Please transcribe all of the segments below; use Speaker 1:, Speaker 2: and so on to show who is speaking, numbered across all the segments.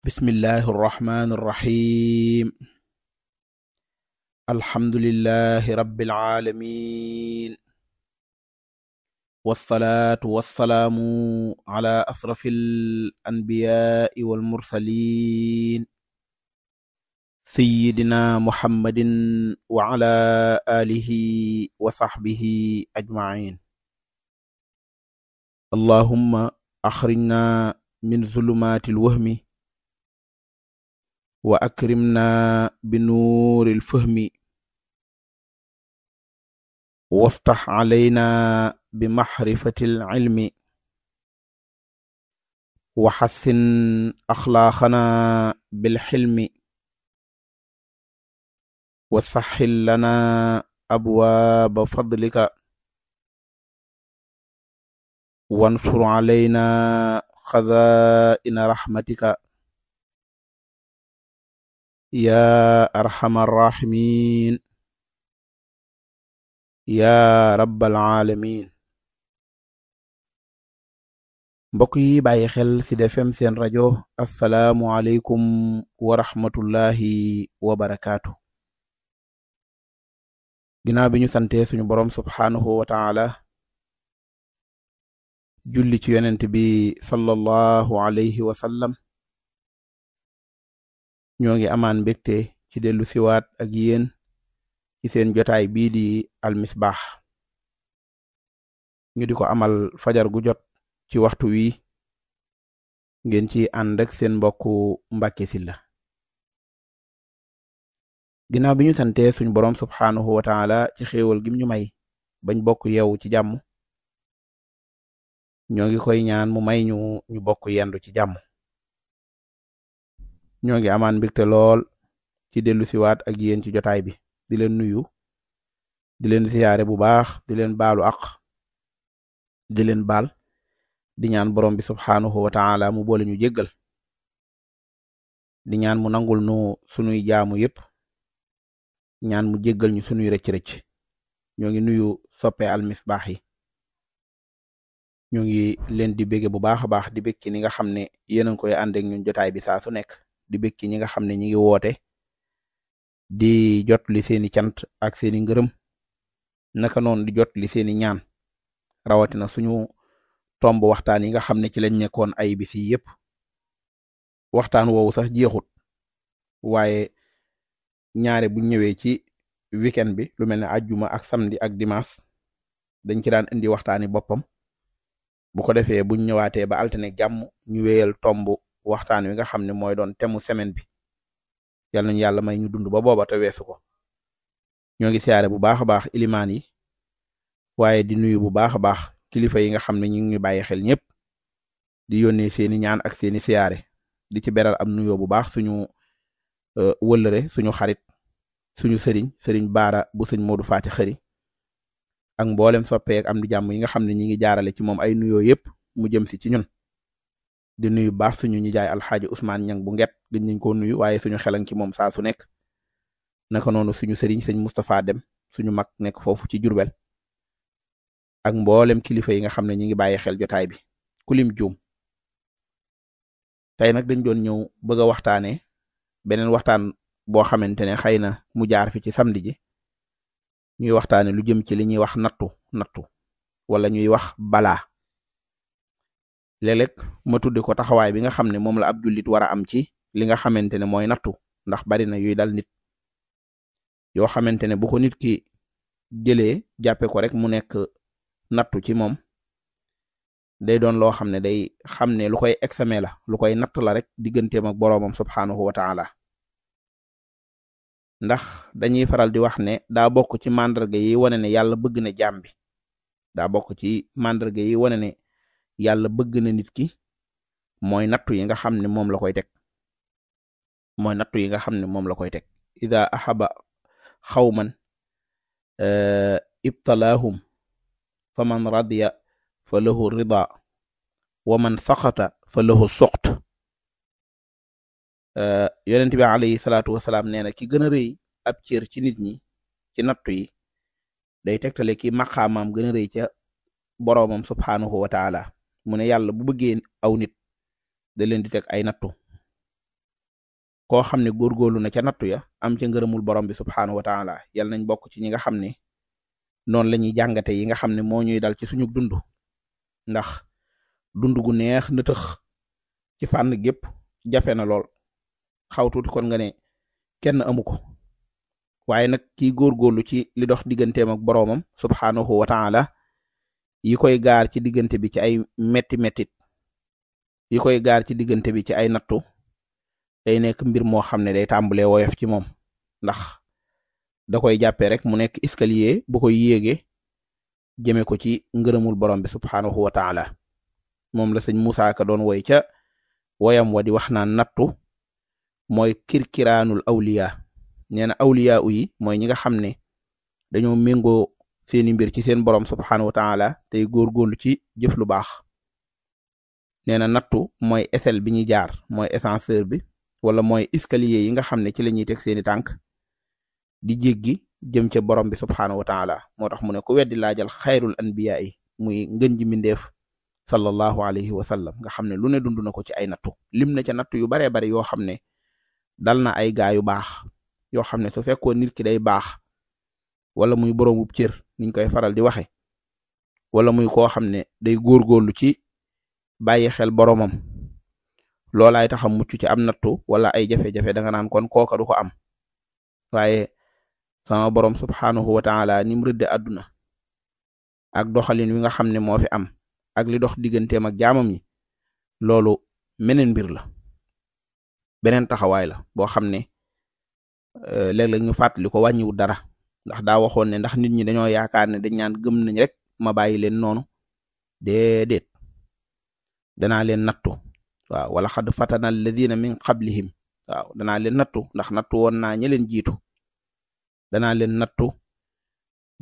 Speaker 1: bismillahi arrahmani irrahim alhamdulilahi rabiilalamin walsalaatu walsalaamu ala asrafi alanbiyaai walmursalin sayidina muhammadin wa ala alihi wa saxbihi ajmain allahumma axrijna min zulumaati alwahmi wa akrimna bi nuuril fahmi waftax calaynaa bi maxrifatil cilmi wa xassin axlaaqanaa bil xilmi wa saxxil lanaa abwaaba fadlika wansur calaynaa xazaa'ina raxmatika yaa arhamar raahimiin yaa rabbal aalamiin mbokk yi bàyyi xel ci Sud seen rajo assalaamu aleykum wa rahmatullahi wa bi ñu sante suñu borom subhaanahu wa julli ci yonent bi sallallahu alayhi wa ñoo ngi amaan mbégte ci dellu siwaat ak yéen ci seen jotaay bii di almisbaax ñu di ko amal fajar gu jot ci waxtu wi ngeen ci ànd ak seen mbokku Mbàkke Sylla ginnaaw bi ñu sante suñ borom subxaanahu wa taala ci xéewal gim ñu may bañ bokk yeewu ci jàmm ñoo ngi koy ñaan mu may ñu ñu bokk yendu ci jàmm ñoo ngi amaan mbégte lool ci dellu siwaat ak yéen ci jotaay bi di leen nuyu di leen siyaare bu baax di leen baalu aq di leen baal di ñaan borom bi subxanahu wa ta'ala mu boole ñu jéggal di ñaan mu nangul nu sunuy jaamu yépp ñaan mu jéggal ñu sunuy rëcc-rëcc ñoo ngi nuyu soppe almisbaax yi ñoo ngi leen di bége bu baax a baax di bég ci ni nga xam ne yéen a ngi koy ànd ak ñun jotaay bi saa su nekk. di békki ñi nga xam ne ñi ngi woote di jot li seeni cant ak seeni ngërëm naka noonu di jot seeni ñaan rawatina suñu tomb waxtaan yi nga xam ne ci lañ nekkoon ay bis yëpp waxtaan woowu sax jeexut waaye ñaare bu ñëwee ci weekend bi lu mel ne juma ak samedi ak dimanche dañ ci daan indi waxtaani boppam bu ko defee buñ ñëwaatee ba altine jàmm ñu wéyal waxtaan wi nga xam ne mooy doon temu semaine bi yal nañu yàlla may ñu dund ba booba te weesu ko ñoo ngi siyaare bu baax a baax ilimaan yi waaye di nuyu bu baax a baax kilifa yi nga xam ne ñu ngi bàyyi xel ñëpp di yónnee seeni ñaan ak seeni siyaare di ci beral am nuyoo bu baax suñu e, wëllëre suñu xarit suñu sëriñ sëriñ baara bu sëñ Modou Faati xëri ak mboolem soppeek am di jàmm yi nga xam ne ñi ngi jaarale ci moom ay nuyoo yëpp mu jëm si ci ñun di nuyu baax suñu nijaay alxaaji Ousmane Ñang bu nget gën nañ koo nuyu waaye suñu xelan ci moom saa su nekk naka noonu suñu sëriñ sëñ Moustapha Dem suñu mag nekk foofu ci Jurbel ak mboolem kilifa yi nga xam ne ñi ngi bàyyi xel jotaay bi kulim juum tey nag dañ doon ñëw bëgg a waxtaanee beneen waxtaan boo xamante ne xëy na mu jaar fi ci samedi ji ñuy waxtaane lu jëm ci li ñuy wax nattu nattu wala ñuy wax balaa léeg-léeg ma tudde ko taxawaay bi nga xam ne moom la ab jullit war a am ci li nga xamante ne mooy nattu ndax bari na yuy dal nit yoo xamante ne bu ko nit ki jëlee jàppe ko rek mu nekk nattu ci moom day doon loo xam ne day xam ne lu koy exame la lu koy natt la rek digganteem ak boroomam subhaanahu wa taala ndax dañuy faral di wax ne daa bokk ci màndarga yi wane ne yàlla bëgg na jaam bi daa bokk ci màndarga yi wane yàlla bëgg na nit ki mooy nattu yi nga xam ne moom la koy teg mooy nattu yi nga xam ne moom la koy teg ida axaba xawman eh, ibtalaahum fa man radiya fa lahu rida wa man saqata fa lahu suxt eh, yonent bi alayhi salaatu nee na ki gën a rëy ab cër ci nit ñi ci nattu yi day tegtale ki maqaamaam gën a rëy ca boroomam subhaanahu mu ne yàlla bu bëggee aw nit da leen di teg ay nattu koo xam ne góorgóorlu na ca nattu ya am ca ngërëmul borom bi subxanahu wa taala yàlla nañ bokk ci ñi nga xam ne noonu la ñuy jàngate yi nga xam ne moo ñuy dal ci suñu dund ndax dund gu neex na tëx ci fànn gépp jafe na lool xaw tuuti kon nga ne kenn amu ko waaye nag kiy góorgóorlu ci li dox digganteem ak boroomam subxanahu wa taala yi koy gaar ci diggante bi ci ay metti métit yi koy gaar ci diggante bi ci ay nattu day nekk mbir moo xam ne day tàmbalee woyof ci moom ndax da koy jàppee rek mu nekk escalier bu koy yéege jëme ko ci ngërëmul borom bi subxanahu wa taala moom la sëñ Moussa Ka doon woy ca woyam wa di wax naan nattu mooy kirkiraanul awliya nee na awliya yi mooy ñi nga xam ne dañoo méngoo seeni mbir ci seen borom subxanahu wa ta'ala tey góorgóorlu ci jëf lu baax nee na nattu mooy échelle bi ñuy jaar mooy ascenseur bi wala mooy escalier yi nga xam ne ci la ñuy teg seeni tànk di jéggi jëm ca borom bi subxanahu wa ta'ala moo tax mu ne ku weddi laajal xayrul anbiya yi muy ngën ji mindeef sallallahu alayhi wa nga xam ne lu ne dund na ko ci ay nattu lim na ca nattu yu baree bari yoo xam ne dal na ay gaa yu baax yoo xam ne su fekkoon nit ki day baax niñ koy faral di waxe wala muy koo xam ne day góorgóorlu ci bàyyi xel boromam loolaay tax a mucc ci am nattu wala ay jafe-jafe danga naan kon kooka ko am waaye sama borom subxanahu wa taala ni mu rëdde àdduna ak doxalin wi nga xam ne moo fi am ak li dox digganteem ak jaamam yi loolu meneen mbir la beneen taxawaay la boo xam ne euh, léeg-léeg ñu fàttali ko wàññiwul dara. ndax daa waxoon ne ndax nit ñi dañoo yaakaar ne dañ ñaan gëm nañ rek ma bàyyi leen noonu déedéet danaa leen nattu waaw wala xad fatana alladina min qablihim waaw danaa leen nattu ndax nattu woon naa ña leen jiitu danaa leen nattu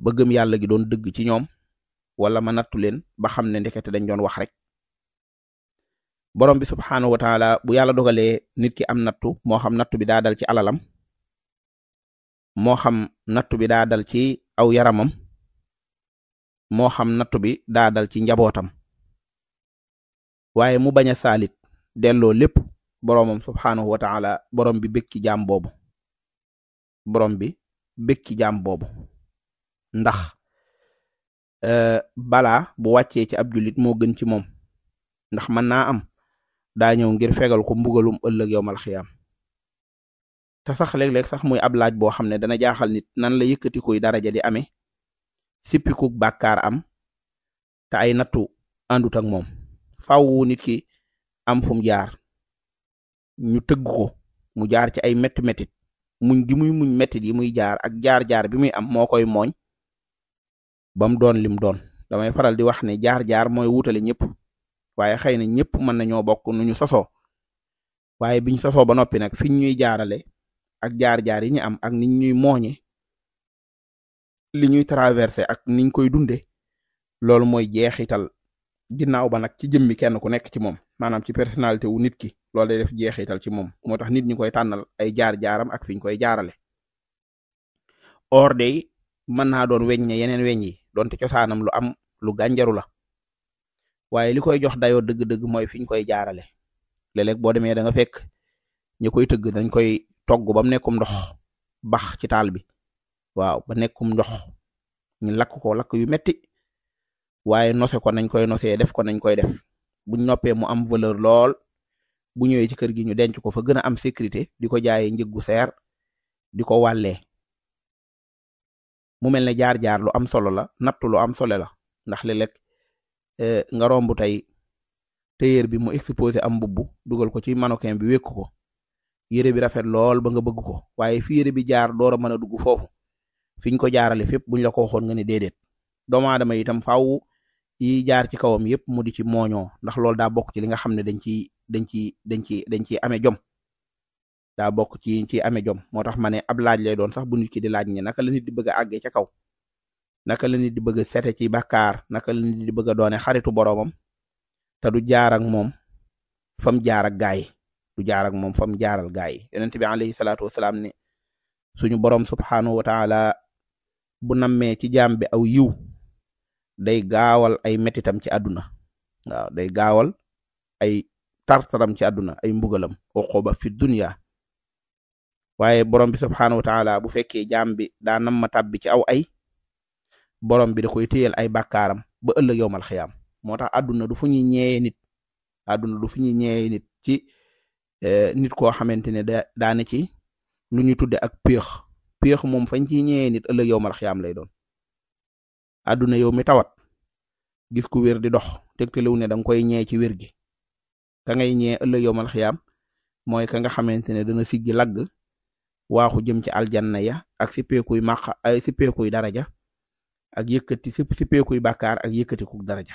Speaker 1: ba gëm yàlla gi doon dëgg ci ñoom wala ma natu leen ba xam ne ndekete dañ doon wax rek borom bi subxanahu wa taala bu yàlla dogalee nit ki am nattu moo xam nattu bi daadal ci alalam moo xam nattu bi daa dal ci aw yaramam moo xam nattu bi daa dal ci njabootam waaye mu bañ a saalit delloo lépp boroomam subhaanahu wa taala borom bi bëkki jaam boobu borom bi bëkki jaam boobu ndax uh, balaa bu wàccee ci ab jullit moo gën ci moom ndax mën naa am daa ñëw ngir fegal ko mbugalum ëllëg yowmal xiyaam te sax léeg-léeg sax muy ab laaj boo xam ne dana jaaxal nit nan la yëkkatikuy daraja di amee sippikuk bàkkaar am te ay nattu àndut ak moom faaw nit ki am fu mu jaar ñu tëgg ko mu jaar ci ay métti métit muñ gi muñ métit yi muy jaar ak jaar-jaar bi muy am moo koy mooñ bam doon lim doon damay faral di wax ne jaar-jaar mooy wutale ñëpp waaye xëy na ñëpp mën nañoo bokk nu ñu sosoo waaye biñ sosoo ba noppi nag fiñ ñuy jaarale ak jaar-jaar yi ñu am ak niñ ñuy mooñe li ñuy traversé ak niñ koy dunde loolu mooy jeexital ginnaaw ba nag ci jëmmi kenn ku nekk ci moom maanaam ci personnalité wu nit ki loolu day def jeexital ci moom moo tax nit ñi koy tànnal ay jaar-jaaram ak ñu koy jaarale or mën naa doon weñ yeneen weñ yi donte cosaanam lu am lu gànjaru la waaye li koy jox dayoo dëgg-dëgg mooy fi ñu koy jaarale léeg-léeg boo demee danga nga fekk ñu koy tëgg dañ koy togg ba mu nekkum ndox hmm. bax ci taal bi waaw ba nekkum ndox hmm. ñu lakk ko lakk yu metti waaye nose ko nañ koy nosee def ko nañ koy def buñ noppee mu am valeur lool bu ñëwee ci kër gi ñu denc ko fa gën a am sécurité di ko jaayee njëggu seer di ko wàllee mu mel ne jaar-jaar lu am solo la natt lu am solo la ndax li lekk eh, nga romb tey téyeer bi mu exposé am mbubb dugal ko ci mannequin bi wékk ko yére bi rafet lool ba nga bëgg ko waaye fi yére bi jaar door a mën a dugg foofu fiñ ko jaarale fépp buñ la ko waxoon nga ne déedéet doomu aadama itam faaw yi jaar ci kawam yëpp mu di ci mooñoo ndax loolu daa bokk ci li nga xam ne dañ ciy dañ ciy dañ ciy dañ ciy amee jom daa bokk ci ci amee jom moo tax ma ne ab laaj lay doon sax bu nit ci di laaj ne naka la nit di bëgg a àggee ca kaw naka la nit di bëgg a ci bakar naka la di bëgg a doone xaritu boroomam te du jaar ak moom fam jaar ak gaay du jaar moom fam jaaral gaay yi yonent bi alayhi salaatu wasalaam ne suñu borom subxanahu wa taala bu nammee ci jaam bi aw yiw day gaawal ay metitam ci àdduna waaw day gaawal ay tartaram ci àdduna ay mbugalam uquba fi dunya waaye borom bi subxanahu wa taala bu fekkee jaam bi daa nam ci aw ay borom bi da koy téyel ay bàkkaaram ba ëllëg yowmal xiyaam moo tax du fu ñuy ñeeyee nit du fu ñuy ñeeyee ci. Eh, nit koo xamante ne da daana ci lu ñu tudde ak péex péex moom fañ ci ñëwee nit ëllëg yow mal lay doon àdduna yow mi tawat gis ku wér di dox tegtalewu ne da nga koy ñee ci wir gi ka ngay ñee ëllëg yow mal xiyaam mooy ka nga xamante ne dana siggi lagg waaxu jëm ci aljanna ya ak si peekuy màq ay si daraja ak yëkkati si si peekuy bàkkaar ak yëkkati ku daraja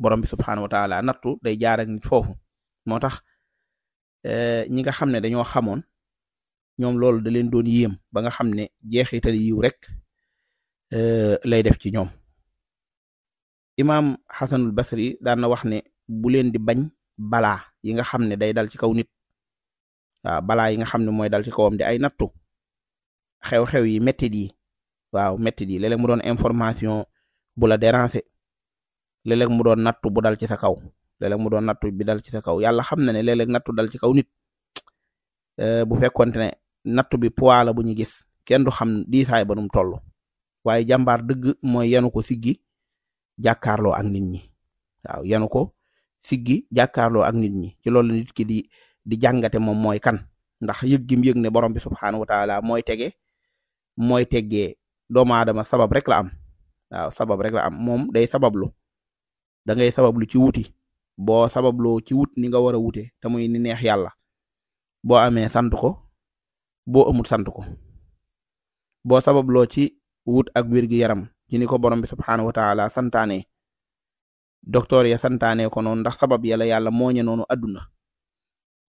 Speaker 1: borom bi subxanahu wa day jaar ak nit foofu moo Eh, ñi nga xam ne dañoo xamoon ñoom loolu da leen doon yéem ba nga xam ne jeexital yiw rek eh, lay def ci ñoom imaam Xasanul Basri daal na wax ne bu leen di bañ balaa yi nga xam ne day dal ci kaw nit waaw balaa yi nga xam ne mooy dal ci kawam di ay nattu xew-xew yi mettit yi waaw mettit yi léeg mu doon information bu la déranger léeg mu doon nattu bu dal ci sa kaw léeg-léeg mu doon nattu bi dal ci sa kaw yàlla xam na ne léeg-léeg nattu dal ci kaw nit eh, bu fekkonte ne nattu bi poids bu ñu gis kenn du xam diisaay ba num toll waaye jàmbaar dëgg mooy yanu ko siggi jàkkaarloo ak nit ñi waaw yanu ko siggi jàkkaarloo ak nit ñi ci loolu nit ki di di jàngate moom mooy kan ndax yëg gim yëg ne borom bi subxanahu wa taala mooy tege mooy teggee doomu aadama sabab rek la am waaw sabab rek la am moom day sabablu da ngay sabablu ci wuti. boo sababloo ci wut ni nga war a wute te muy ni neex yàlla boo amee sant ko boo amut sant ko boo sababloo ci wut ak wér yaram ci ni ko borom bi subxanahu wa taala santaane docteur ya santaane ko noonu ndax sabab yàlla yàlla mooñe noonu adduna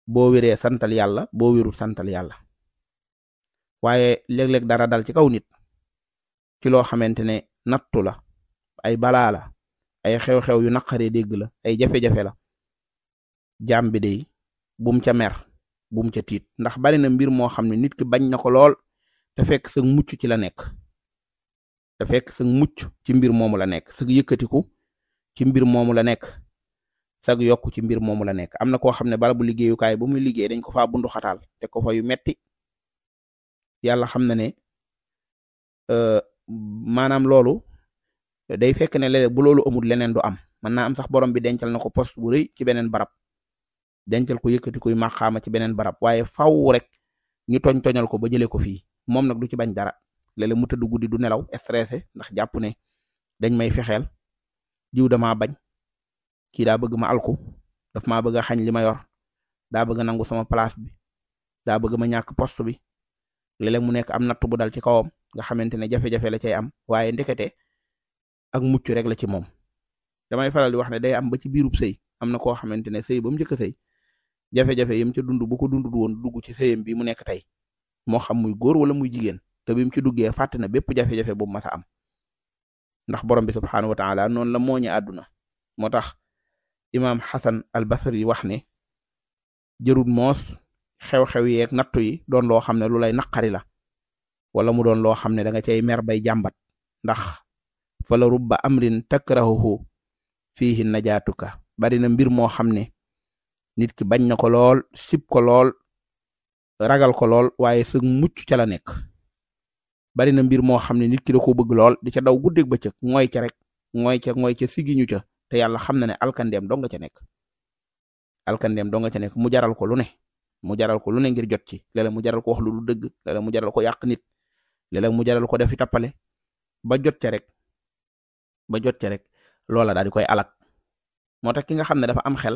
Speaker 1: boo wéree santal yàlla boo wiru santal yàlla waaye léeg-léeg dara dal ci kaw nit ci loo xamante ne nattu la ay balaa la ay xew-xew yu naqaree dégg la ay jafe-jafe la jaam bi day bum ca mer bum ca tiit ndax bari na mbir moo xam ne nit ki bañ na ko lool te fekk sag mucc ci la nekk te fekk sag mucc ci mbir moomu la nekk sag yëkkatiku ci mbir moomu la nekk sag yokk ci mbir moomu la nekk am na koo xam ne bala bu liggéeyukaay bu muy liggéey dañ ko fa bundu xataal te ko fa yu metti yàlla xam na ne euh, maanaam loolu day fekk ne léeg bu loolu amul leneen du am mën naa am sax borom bi dencal na ko poste bu rëy ci beneen barab dencal ko yëkkati kuy màqaama ci beneen barab waaye faw rek ñu toñ toñal ko ba jëlee ko fii moom nag du ci bañ dara léeg-léeg mu tëdd guddi du nelaw stressé ndax jàpp ne dañ may fexeel jiw damaa bañ kii daa bëgg ma alku daf maa bëgg a xañ li ma yor daa bëgg nangu sama place bi daa bëgg ma ñàkk post bi léeg mu nekk am natt bu dal ci kawam nga xamante ne jafe la cay am waaye ndekete ak mucc rek la ci moom damay faral di wax ne day am ba ci biirub sëy am na koo xamante ne sëy ba mu njëkk a sëy jafe-jafe yam ci dund bu ko dundul woon dugg ci sëyam bi mu nekk tey moo xam muy góor wala muy jigéen te bi mu ci duggee fàtt na bépp jafe-jafe bu mu am ndax borom bi subxanahu wa ta'ala noonu la mooñu àdduna moo tax imaam Xasan al Basri wax ne jërul moos xew-xew yeeg nattu yi doon loo xam ne lu lay naqari la wala mu doon loo xam ne danga nga cay mer bay jàmbat ndax fa la rubba amrin takrahuhu fihi najaatuka bari na mbir moo xam ne nit ki bañ na ko lool sib ko lool ragal ko lool waaye sëg mucc ca la nekk bari na mbir moo xam ne nit ki da ko bëgg lool di ca daw ba bëccëg mooy ca rek mooy ca mooy ca sigiñu ca te yàlla xam na ne alkandeem dong nga ca nekk alkandeem dong nga ca nekk mu jaral ko lu ne mu jaral ko lu ne ngir jot ci léeg mu jaral ko wax lu dul dëgg léeg mu jaral ko yàq nit léeg mu jaral ko defi tapale ba jot ca rek ba jot ci rek loola daal di koy alak moo tax ki nga xam ne dafa am xel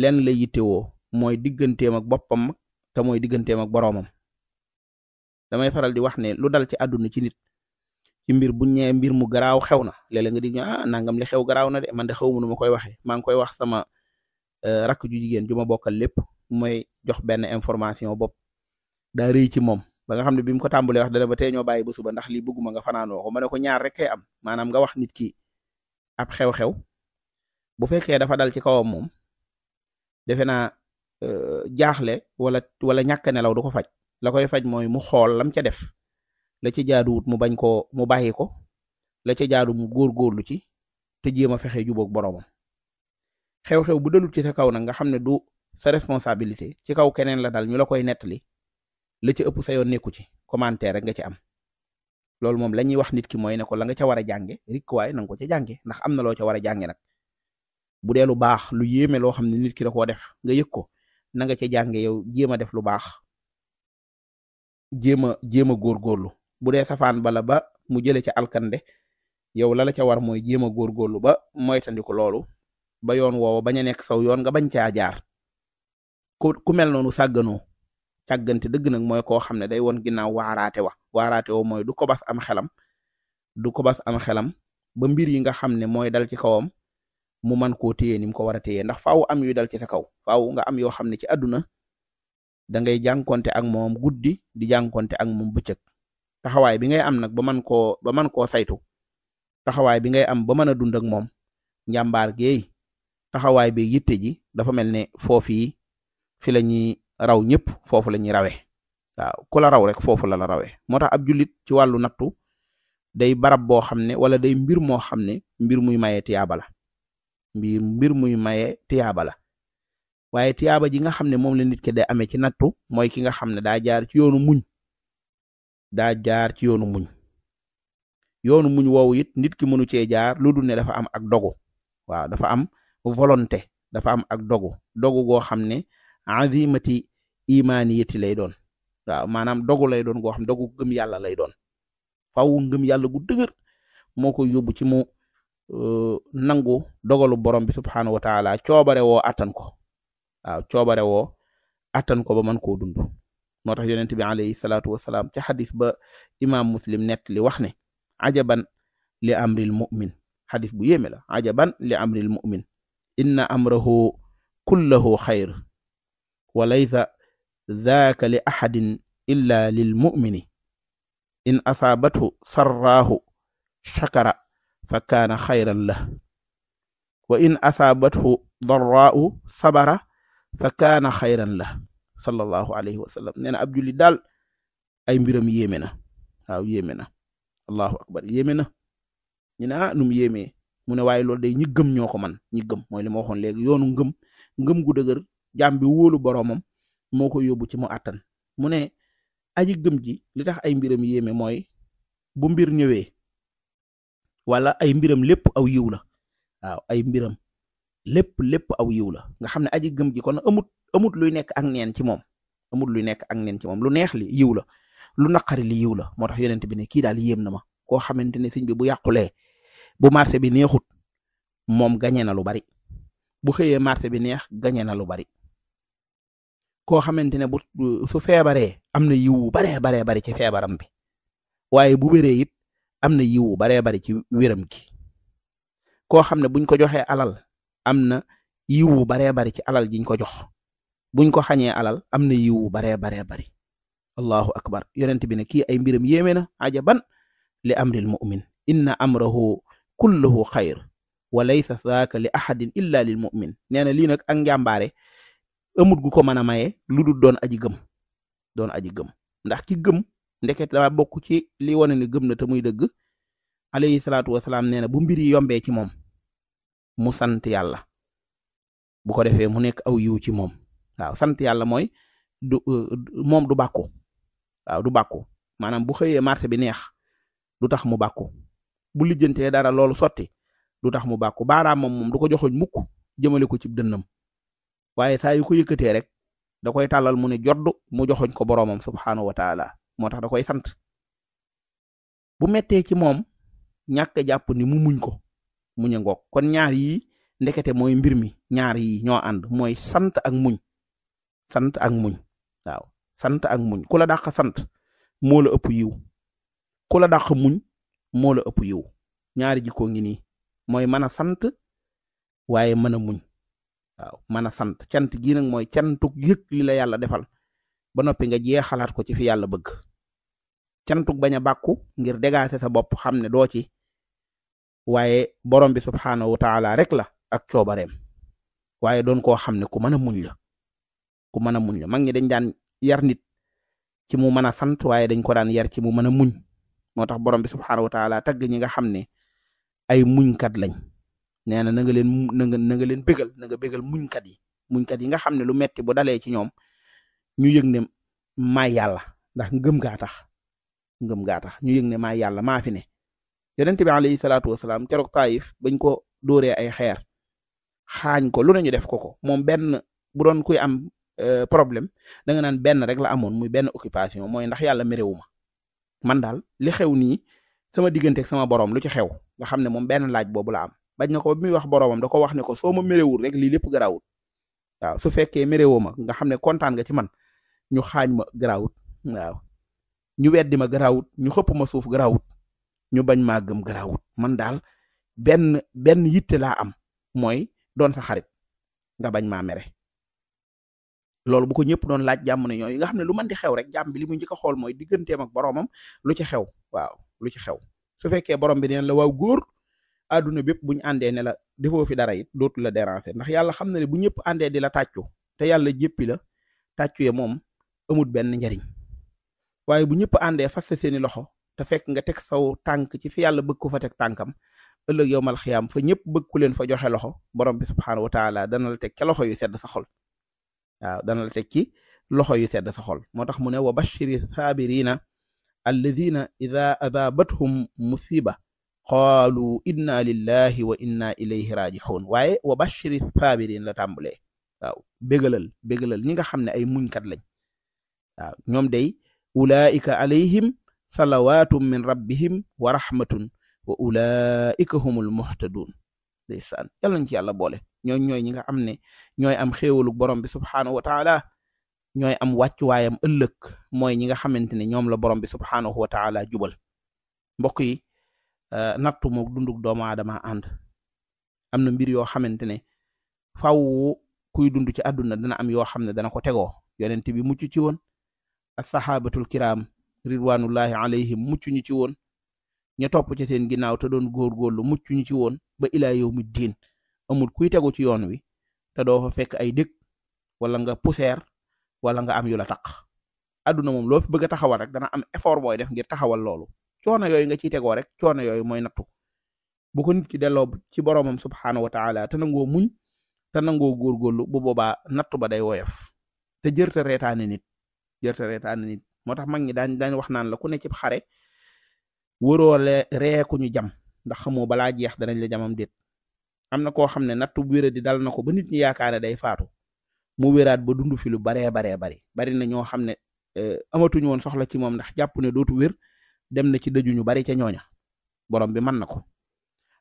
Speaker 1: lenn la yittewoo mooy digganteem ak boppam te mooy digganteem ak boroomam damay faral di wax ne lu dal ci àdduna ci nit ci mbir bu ñëwee mbir mu garaaw xew na léeg-léeg nga di ah nangam le xew garaaw na de man de xew ma nu ma koy waxee maa ngi koy wax sama e, rak ju jigéen ju ma bokkal lépp mooy jox benn information bopp daa rëy ci moom ba nga xam ne bi mu ko tàmbalee wax dana ba tey ñoo bàyyi ba suba ndax lii bëgguma nga fanaanoo ko ma ne ko ñaar rek kay am maanaam nga wax nit ki ab xew-xew bu fekkee dafa dal ci kawam moom defe naa euh, jaaxle wala wala ñàkk nelaw du ko faj la koy faj mooy mu xool lam ca def la ca jaaduwut mu bañ koo mu bàyyi ko la ca jaadu mu góorgóorlu ci te jéem a fexe jubóog boroomam xew-xew bu dalut ci sa kaw nag nga xam ne du sa responsabilité ci kaw keneen la dal ñu la koy nettali la ca ëpp sa yoon nekku ci commentaire rek nga ci am loolu moom la ñuy wax nit ki mooy ne ko la nga ca war a jànge rikk waaye na ko ca jànge ndax am na loo ca a jànge nag bu dee lu baax lu yéeme loo xam ne nit ki da koo def nga yëg ko na nga ca jànge yow jéem a def lu baax jéem a jéem a góorgóorlu bu dee safaan bala ba mu jëlee ca alkande yow la la ca war mooy jéem a góorgóorlu ba moytandiku loolu ba yoon woowa bañ a nekk saw yoon nga bañ caa jaar ku ku mel noonu sàgganoo càggante dëgg nag mooy koo xam ne day woon ginnaaw waaraate wa waaraate wa mooy du ko bas am xelam du ko bas am xelam ba mbir yi nga xam ne mooy dal ci kawam mu mën koo téye ni mu ko war a téye ndax faaw am yu dal ci sa kaw faaw nga am yoo xam ne ci àdduna da ngay jànkonte ak moom guddi di jànkonte ak moom bëccëg taxawaay bi ngay am nag ba man koo ba mën koo saytu taxawaay bi ngay am ba mën a dund ak moom njàmbaar geey taxawaay bi yitte ji dafa mel ne foofu yi la ñuy raw ñëpp foofu la rawe rawee waaw raw rek foofu la rawe rawee moo tax ab jullit ci wàllu nattu day barab boo xam ne wala day mbir moo xam ne mbir muy maye tiyaaba mbir mbir muy maye tiyaaba la waaye tiyaaba ji nga xam ne moom la nit ki day amee ci nattu mooy ki nga xam ne daa jaar ci yoonu muñ daa jaar ci yoonu muñ yoonu muñ woowu it nit ki mënu cee jaar lu dul ne dafa am ag dogu waaw dafa am volonté dafa am ak dogu dogu goo xam ne azimati imaniyati lay doon waaw maanaam dogu lay doon goo xam dogu gëm yàlla lay doon faw ngëm yàlla gu dëgër moo ko yóbbu ci mu euh, nangu dogalu borom bi subxanahu wa taala coobare woo attan ko waaw coobare attan ko ba mën koo dund moo tax yonent bi alayhi salaatu wa salaam ci xadis ba imaam muslim net li wax ne ajaban li amril mu'min xadis bu yéeme la ajaban li amril mu'min inna amrahu kullahu xayr wa laysa daaka li axadin illa lil mu'mini in asaabathu sarraahu shakara fa kaana xayran lah wa in asaabathu darraa'u sabara fa kaana xayran lah sallallahu alayhi wa sallam nee na ab julli daal ay mbiram yéeme na waaw allahu akbar yéeme na ñu ne ah nu mu yéemee mu ne loolu day ñi gëm ñoo ko man ñi gëm mooy li ma waxoon léegi yoonu ngëm ngëm gu dëgër jaam bi wóolu boroomam moo ko yóbbu ci mu àttan mu ne aji gëm ji li tax ay mbiram yéeme mooy bu mbir ñëwee walla ay mbiram lépp aw yiw la ay mbiram lépp lépp aw yiw la nga xam ne aji gëm ji kon amut amut luy nekk ak neen ci moom amut luy nekk ak neen ci moom lu neex li yiw la lu naqari li yiw la moo tax yonent bi ne kii daal yéem na ma koo xamante ne sëñ bi bu yàqulee bu marché bi neexut moom gañe na lu bari bu xëyee marché bi neex gañe na lu bari koo xamante ne bu su feebaree am na yiwu baree baree bari ci feebaram bi waaye bu wéree it am na yiwu baree bari ci wéram gi koo xam ne buñ ko joxee alal am na yiwu baree bari ci alal jiñ ko jox buñ ko xañee alal am na yiwu baree baree bari allahu akbar yonent bi ne kii ay mbiram yéeme na ajaban li amril mu'min inna amrahu kulluhu xayr wa laysa thaaka li ahadin illa lil mu'min nee na lii nag ak njàmbaare amut gu ko mën a maye lu dul doon aji gëm doon aji gëm ndax ci gëm ndeket daa bokk ci li wane ne gëm na te muy dëgg alayhi salaatu wasalaam nee na bu mbir yi yombee ci moom mu sant yàlla bu ko defee mu nekk aw yiw ci moom waaw sant yàlla mooy du euh, moom du bàkku waaw du bàkku maanaam bu xëyee marché bi neex du tax mu bàkku bu lijjantee dara loolu sotti du tax mu bàkku baaraam moom moom du ko joxoñ mukk jëmale ko cib dënnam waaye saa yu ko yëkkatee rek da koy tàllal mu ne jodd mu joxoñ ko boroomam subxanahu wa taala moo tax da koy sant bu mettee ci moom ñàkk jàpp ni mu muñ ko mu a ngoog kon ñaar yi ndekete mooy mbir mi ñaar yi ñoo ànd mooy sant ak muñ sant ak muñ waaw sant ak muñ ku la sant moo la ëpp yiw muñ moo la ëpp yiw ñaari jikko ngi nii mooy mën a sant waaye mën a muñ waaw mën a sant cant gi nag mooy cantuk yëg li la yàlla defal ba noppi nga jeexalaat ko ci fi yàlla bëgg cantuk bañ a bàkku ngir dégaase sa bopp xam ne doo ci waaye borom bi subxanahu wa taala rek la ak coobareem waaye doon koo xam ne ku mën a muñ la ku mën a muñ la mag ñi dañ daan yar nit ci mu mën a sant waaye dañ ko daan yar ci mu mën a muñ moo tax borom bi subxanahu wa taala tagg ñi nga xam ne ay muñkat lañ. nee na na leen na nga na nga leen bégal na nga bégal muñkat yi muñkat yi nga xam ne lu metti bo dalee ci ñoom ñu yëg ne maa yàlla ndax ngëm gaa tax ngëm gaa tax ñu yëg ne maa yàlla maa fi ne yonent bi alayhi salaatu wasalaam keroog taayif bañ ko dóoree ay xeer xaañ ko lu ne ñu def ko ko moom benn bu doon kuy am euh, problème da nga naan benn rek la amoon muy benn occupation mooy ndax yàlla merewuma man daal li xew nii sama diggante sama borom lu ci xew nga xam ne moom benn laaj boobu la am bañ na ko bi muy wax boromam da ko wax ne ko soo ma merewul rek lii lépp garaawut waaw su fekkee merewoo ma nga xam ne kontaan nga ci man ñu xaañ ma garaawut waaw ñu weddi ma garaawut ñu xëpp ma suuf garaawut ñu bañ maa gëm garaawut man daal benn benn yitte laa am mooy doon sa xarit nga bañ maa mere loolu bu ko ñëpp doon laaj jàmm na ñooyu nga xam ne lu man di xew rek jàmm bi li mu njëkk a xool mooy digganteem ak boromam lu ci xew waaw lu ci xew su fekkee borom bi la waaw góor àdduna bépp bu ñu àndee ne la defoo fi dara it dootu la déranger ndax yàlla xam na ne bu ñëpp àndee di la tàccu te yàlla jéppi la tàccu ye moom amut benn njariñ waaye bu ñëpp àndee fas seeni loxo te fekk nga teg saw tànk ci fi yàlla bëgg ko fa teg tànkam ëllëg yowmal xiyaam fa ñëpp bëgg ku leen fa joxe loxo borom bi subxanahu wa taala dana la teg ca loxo yu sedd sa xol dana la teg ki loxo yu sedd sa xol moo tax mu ne wa bashiri saabirina alladina ida asabathum musiba qaalu inna lillahi wa inna ilayhi raajixuun waaye wa bashiri saabiriin la tàmbalee waaw bégalal bégalal ñi nga xam ne ay muñkat lañ waaw ñoom day ulaika alayhim salawaatum min rabbihim wa rahmatun wa ulaika humul muhtaduun ndeysaan yal nañ ci yàlla boole ñooy ñooy ñi nga xam ne ñooy am xéewalu borom bi subxanahu wa taala ñooy am wàccuwaayam ëllëg mooy ñi nga xamante ne ñoom la borom bi subxanahu wa taala jubal mbokk Euh, nattu moog dundug doomu aadama ànd am na mbir yoo xamante ne faw kuy dund ci àdduna dana am yoo xam ne dana ko tegoo yonent bi mucc ci woon as-sahabatul kiram ridwanullahi alayhim mucc ñu ci woon ña topp ci seen ginnaaw te doon góorgóorlu mucc ñu ci woon ba ilaa yawmi diin amul kuy tegu ci yoon wi te doo fa fekk ay dëkk wala nga poussière wala nga am yu la taq àdduna moom loo fi bëgg a rek dana am effort booy def ngir taxawal loolu coono yooyu nga ciy tegoo rek coono yooyu mooy nattu bu ko nit ci delloo ci boromam subxanahu wa taala te nangoo muñ te nangoo góorgóorlu bu boobaa nattu ba day woyof te jërta reetaane nit jërta reetaane nit moo tax mag ñi daañ daañ wax naan la ku ne ci xare waroo ree ñu jam ndax xamoo balaa jeex danañ la jamam déet am na koo xam ne nattu wéra di dal na ko ba nit ñi yaakaar ne day faatu mu wéraat ba dund fi lu baree baree bari bari na ñoo xam ne eh, amatuñu woon soxla ci moom ndax jàpp ne dootu wér dem na ci daju ñu bari ca ñooña borom bi mën na ko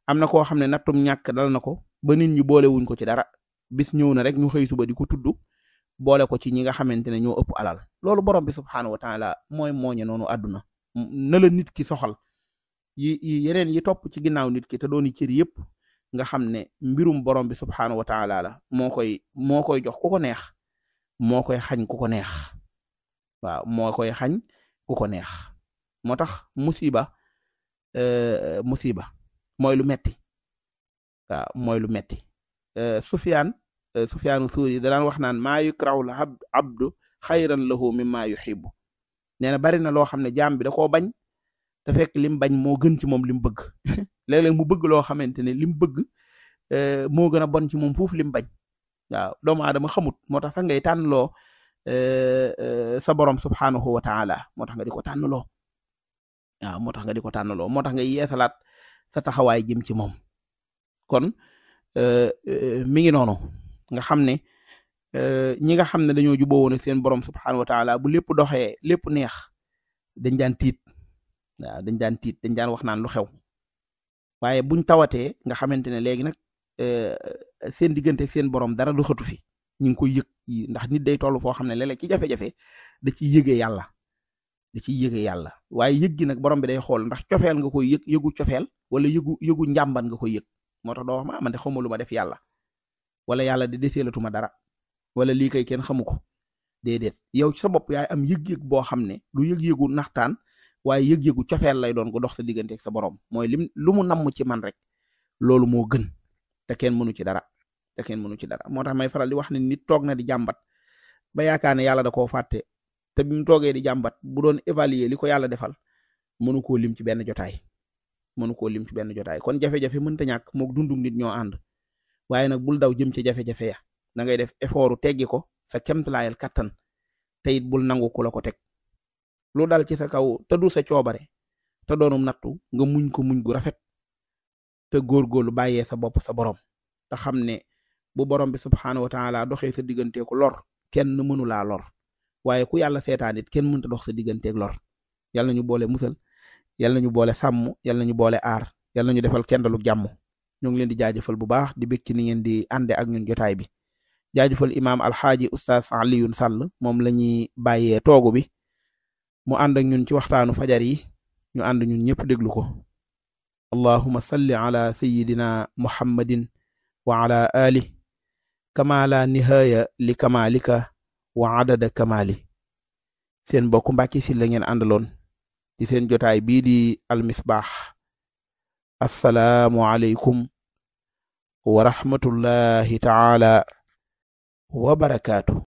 Speaker 1: am na koo xam ne nattum ñàkk dal na ko ba nit ñi boolewuñ ko ci dara bis ñëw na rek ñu xëy suba di ko tudd boole ko ci ñi nga xamante ne ñoo ëpp alal loolu borom bi subxanahu wa taala mooy mooñe noonu àdduna na nit ki soxal yi yeneen yi top ci ginnaaw nit ki te dooni cër yëpp nga xam ne mbirum borom bi subxanahu wa taala moo koy moo koy jox ku ko neex moo koy xañ ku ko neex waaw moo koy xañ ku ko neex. moo tax musiba euh, musiba mooy lu metti waaw mooy lu metti euh, Sufyaan euh, Sufyaanu Suuri da daan wax naan maa yukrahu la abdu xayran lahu mimma yuhibbu nee na bari na loo xam ne jaam bi da koo bañ te fekk lim bañ moo gën ci moom lim bëgg léeg-léeg mu bëgg loo xamante ne lim bëgg moo gën a bon ci moom foofu lim bañ waaw doomu aadama xamut moo tax sax ngay tànnloo sa borom subxanahu wa ta'ala moo tax nga di ko tànnloo waaw moo tax nga di ko tànnaloo moo tax nga yeesalaat sa taxawaay jëm ci moom kon euh, euh, mi ngi noonu nga xam ne euh, ñi nga xam ne dañoo juboo woon seen borom subxanahu wa bu lépp doxee lépp neex dañ daan tiit waaw dañ daan tiit dañ daan wax naan lu xew waaye buñ tawatee nga xamante ne léegi nag seen diggante seen borom dara du xatu fi ñu ngi koy yëg ndax nit day toll foo xam ne léeg-léeg ci jafe-jafe da ciy yëgee yàlla. da ciy yëge yàlla waaye yëg gi nag bi day xool ndax cofeel nga koy yëg yëgu cofeel wala yëgu yëgu njàmban nga koy yëg moo tax doo wax ma ah, man de xawma lu ma def yàlla wala yàlla de deseelatuma dara wala lii kay kenn xamu ko déedéet yow ci sa bopp yaay am yëg-yëg boo xam ne lu yëg-yëgu naxtaan waaye yëg-yëgu cofeel lay doon gu dox sa diggante sa borom mooy lim lu mu namm ci man rek loolu moo gën te kenn mënu ci dara te kenn mënu ci dara moo tax may faral di wax ne nit toog na di jàmbat ba yaakaar ne yàlla da koo fàtte te bi mu toogee di jàmbat bu doon évaluer li ko yàlla defal mënu koo lim ci benn jotaay mënu koo lim ci benn jotaay kon jafe-jafe mënta ñàkk moog dundug nit ñoo ànd waaye nag bul daw jëm ca jafe-jafe ya da ngay def effort teggi ko sa kemtalaayal kattan te it bul nangu ku la ko teg lu daal ci sa kaw te du sa coobare te doonum nattu nga muñ ko muñ gu rafet te góorgóorlu bàyyee sa bopp sa borom te xam ne bu borom bi subxanahu wa taala doxee sa ku lor kenn mënu laa lor. waaye ku yàlla seetaan it kenn mënta dox sa digganteeg lor yàlla ñu boole musal yàlla ñu boole sàmm yàlla ñu boole aar yàlla ñu defal kendalu jàmm ñu ngi leen di jaajëfal bu baax di békk ni ngeen di ànde ak ñun jotaay bi jaajëfal imaam alxaaji oustaz Alioune Sall moom la ñuy bàyyee toogu bi mu ànd ñun ci waxtaanu fajar yi ñu ànd ñun ñëpp déglu ko allahuma salli ala sayidina muhammadin wa ala ali kama la nihaya li kamalika wa adada kamali seen mbokku Mbàkke Sylla ngeen àndaloon ci seen jotaay bii di almisbaax assalaamu aleykum wa rahmatullahi taala wa